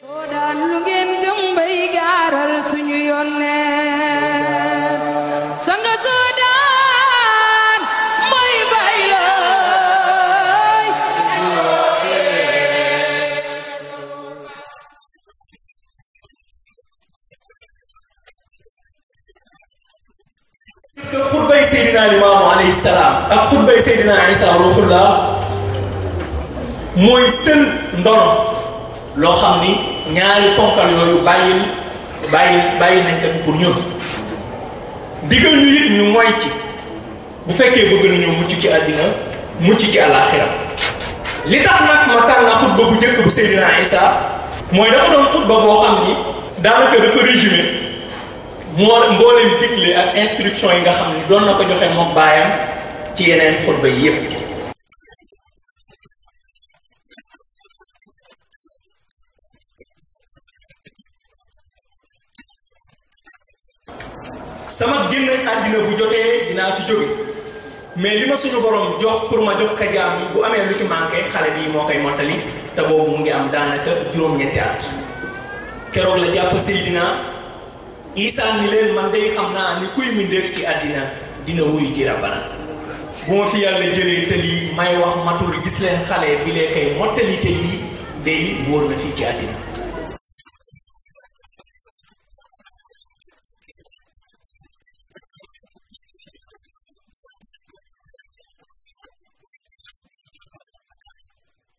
soo daan lu ngeen gëm bay gaaral suñu yónneen sanga soo daan mooy bay looy xutbay seydina limaamu alayhi salaam ak xutbay seydina isa ruuxullah mooy seen ndono loo xam ni ñaari ponkal yooyu bàyyil bàyyi bàyyi nañ ko pour ñun digal ñu it ñu moy ci bu fekkee bëgg nañoo mucc ci àddina mucc ci àllaaxira li tax nag ma tànn xutba bu njëkk bu Seydina Isa mooy dafa doon xutba boo xam ni daanaka dafa résumé moo mbooleem digle ak instruction yi nga xam ni doon na ko joxe moom baayam ci yeneen xutba yi yépp sama génn àddina bu jotee dinaa fi jóge mais li ma suñu borom jox pour ma jox ka yi bu amee lu ci manqué xale bii moo koy mottali te boobu mu ngi am daanaka juróom-ñetti at keroog la jàpp Seydina Isa ni leen man day xam naa ni kuy mbindéef ci àddina dina wuy ji Rabbana bu ma fi yàlla jëlee te yi may wax matul gis leen xale bi lee koy mottali te lii day wóor na fii ci àddina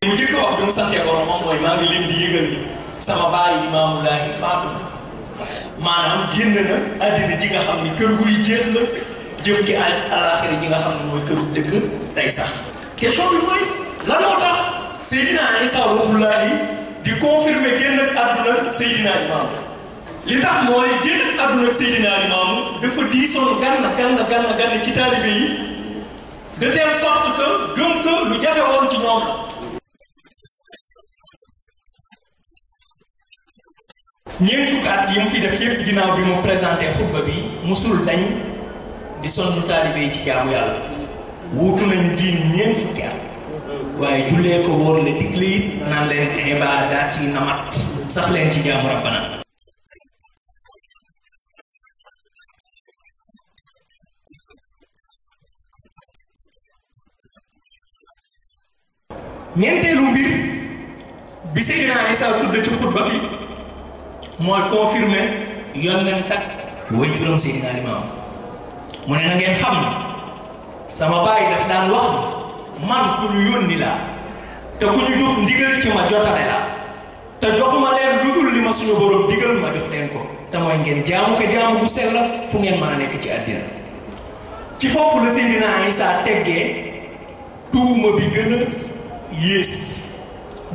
mu jëkk wax bi mu santee boromam mooy maa ngi leen di yëgal sama bàyyi Imaamu Laahi na maanaam génn na àddina ji nga xam ni kër guy jeex la jëm ci alaaxira ji nga xam ne mooy këru dëkk tey sax question bi mooy lan moo tax Seydina Isa ruuhullaahi di confirmé génn ak àdduna Seydina Imaamu li tax mooy génn ak àdduna Seydina Imaamu dafa diisoon ganna ganna ganna ganna ci taalibe yi de telle sorte que lu jafe woon ñeent fukki at yi mu fi def yépp ginnaaw bi mu présenté xutba bi musul dañ di sonn taalibe yi ci jaamu yàlla wuutu nañ diin ñeent fukki at waaye jullee ko wóor la digle it naan leen ibaadaat yi namat sax ci jaamu rabbana ñeenteelu mbir bi Seydina Isa tudde ci xutba bi mooy confirmé ya? yonent tak way juróom seyna naa limaam ne na ngeen xam sama baye daf daan wax man ku ñu yoni la te ku ñu jox ndigal ci ma jotale la te jox ma leen lu dul li ma suñu borom digal ma jox leen ko te moy ngeen jaamu ko jaamu bu sel la fu ngeen mën nekk ci adina ci fofu la seyna Isa tegge eh. tuuma bi gën yes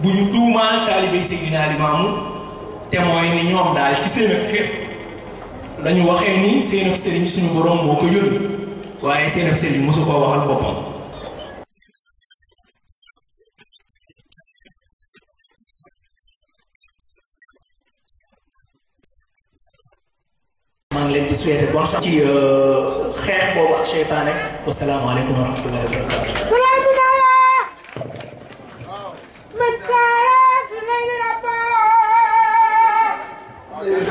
buñu bu talibey seyna taalibé te mooy ni ñoom daal ci seen ak fépp lañu waxee ni seen ak sëriñ suñu borom moo ko yónni waaye seen ak sëriñ mosu koo waxal boppam maa ngi leen di souhaiter bonne chance ci xeex boobu ak cheytaane wasalaamaaleykum wa rahmatullahi wa barakatu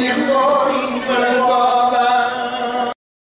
你。